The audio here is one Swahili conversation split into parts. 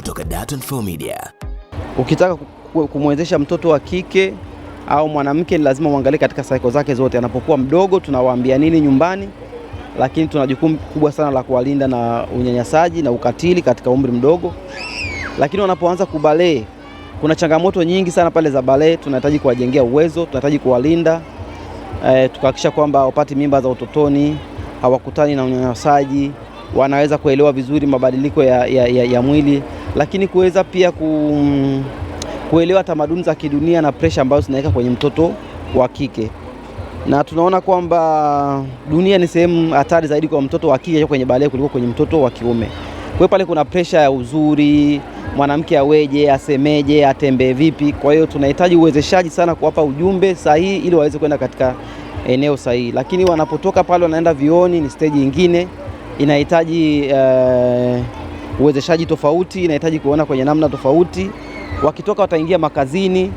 kutoka Dar24 Media. Ukitaka kumwezesha mtoto wa kike au mwanamke ni lazima uangalie katika saiko zake zote. Anapokuwa mdogo tunawaambia nini nyumbani, lakini tuna jukumu kubwa sana la kuwalinda na unyanyasaji na ukatili katika umri mdogo. Lakini wanapoanza kubalee, kuna changamoto nyingi sana pale za balee. Tunahitaji kuwajengea uwezo, tunahitaji kuwalinda e, tukahakikisha kwamba hawapati mimba za utotoni, hawakutani na unyanyasaji wanaweza kuelewa vizuri mabadiliko ya, ya, ya, ya mwili, lakini kuweza pia ku, kuelewa tamaduni za kidunia na presha ambazo zinaweka kwenye mtoto wa kike, na tunaona kwamba dunia ni sehemu hatari zaidi kwa mtoto wa kike kwenye balehe kuliko kwenye mtoto wa kiume. Kwa hiyo pale kuna presha ya uzuri, mwanamke aweje, asemeje, atembee vipi. Kwa hiyo tunahitaji uwezeshaji sana, kuwapa ujumbe sahihi ili waweze kwenda katika eneo sahihi, lakini wanapotoka pale wanaenda vioni, ni stage nyingine inahitaji uh, uwezeshaji tofauti, inahitaji kuona kwenye namna tofauti. Wakitoka wataingia makazini.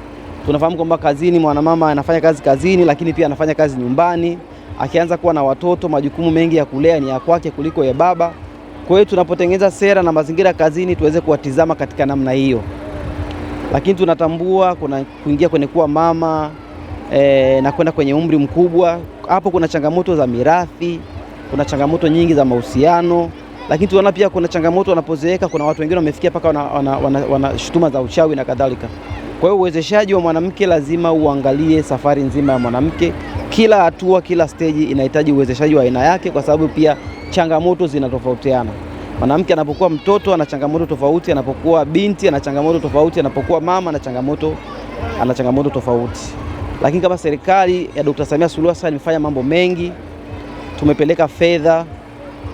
Tunafahamu kwamba kazini, mwanamama anafanya kazi kazini, lakini pia anafanya kazi nyumbani. Akianza kuwa na watoto, majukumu mengi ya kulea ni ya kwake kuliko ya baba. Kwa hiyo tunapotengeneza sera na mazingira kazini, tuweze kuwatizama katika namna hiyo, lakini tunatambua kuna kuingia kwenye kuwa mama e, na kwenda kwenye umri mkubwa, hapo kuna changamoto za mirathi kuna changamoto nyingi za mahusiano, lakini tunaona pia kuna changamoto wanapozeeka, kuna watu wengine wamefikia mpaka wana, wana, wana, wana shutuma za uchawi na kadhalika. Kwa hiyo uwezeshaji wa mwanamke lazima uangalie safari nzima ya mwanamke. Kila hatua, kila steji inahitaji uwezeshaji wa aina yake, kwa sababu pia changamoto zinatofautiana. Mwanamke anapokuwa mtoto ana changamoto tofauti, anapokuwa binti ana changamoto tofauti, anapokuwa mama ana changamoto ana changamoto tofauti. Lakini kama serikali ya Dkt. Samia Suluhu Hassan imefanya mambo mengi Tumepeleka fedha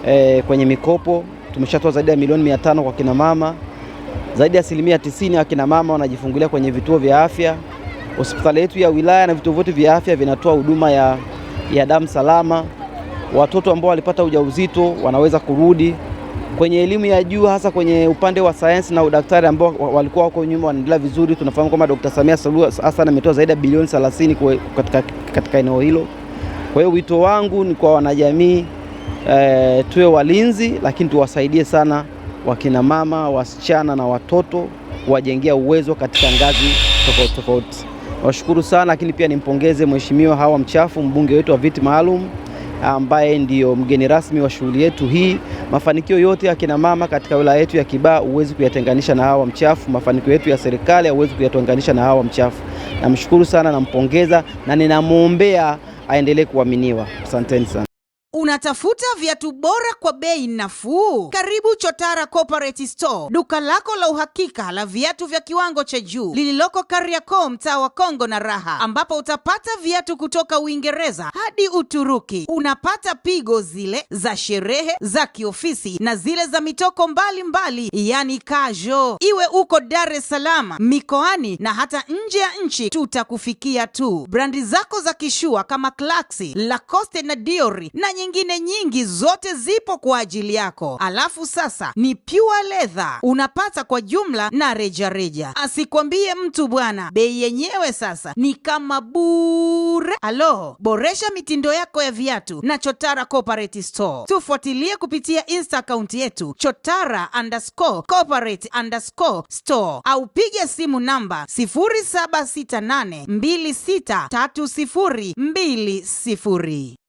e, kwenye mikopo tumeshatoa zaidi ya milioni mia tano kwa kina mama. Zaidi ya asilimia tisini ya kina mama wanajifungulia kwenye vituo vya afya. Hospitali yetu ya wilaya na vituo vyote vya afya vinatoa huduma ya, ya damu salama. Watoto ambao walipata ujauzito wanaweza kurudi kwenye elimu ya juu hasa kwenye upande wa sayansi na udaktari ambao walikuwa wako nyuma wanaendelea vizuri. Tunafahamu kwamba Dkt. Samia Suluhu Hassan ametoa zaidi ya bilioni 30 katika eneo hilo. Kwa hiyo wito wangu ni kwa wanajamii e, tuwe walinzi, lakini tuwasaidie sana wakina mama, wasichana na watoto, wajengea uwezo katika ngazi tofauti tofauti. Washukuru sana lakini pia nimpongeze Mheshimiwa Hawa Mchafu, mbunge wetu wa viti maalum ambaye ndiyo mgeni rasmi wa shughuli yetu hii. Mafanikio yote ya kina mama katika wilaya yetu ya Kibaha huwezi kuyatenganisha na Hawa Mchafu. Mafanikio yetu ya serikali huwezi kuyatenganisha na Hawa Mchafu. Namshukuru sana, nampongeza na ninamwombea aendelee kuaminiwa. Asanteni sana. Unatafuta viatu bora kwa bei nafuu? Karibu Chotara Corporate Store, duka lako la uhakika la viatu vya kiwango cha juu lililoko Kariakoo, mtaa wa Kongo na Raha, ambapo utapata viatu kutoka Uingereza hadi Uturuki. Unapata pigo zile za sherehe, za kiofisi na zile za mitoko mbalimbali mbali, yani kajo. Iwe uko Dar es Salaam, mikoani na hata nje ya nchi, tutakufikia tu. Brandi zako za kishua kama Clarks, Lacoste na Diori na nyingi nyingine nyingi, zote zipo kwa ajili yako. Alafu sasa ni pure leather unapata kwa jumla na rejareja, asikwambie mtu bwana. Bei yenyewe sasa ni kama bure. Alo, boresha mitindo yako ya viatu na Chotara Corporate Store. Tufuatilie kupitia insta akaunti yetu Chotara underscore corporate underscore store au piga simu namba 0768263020.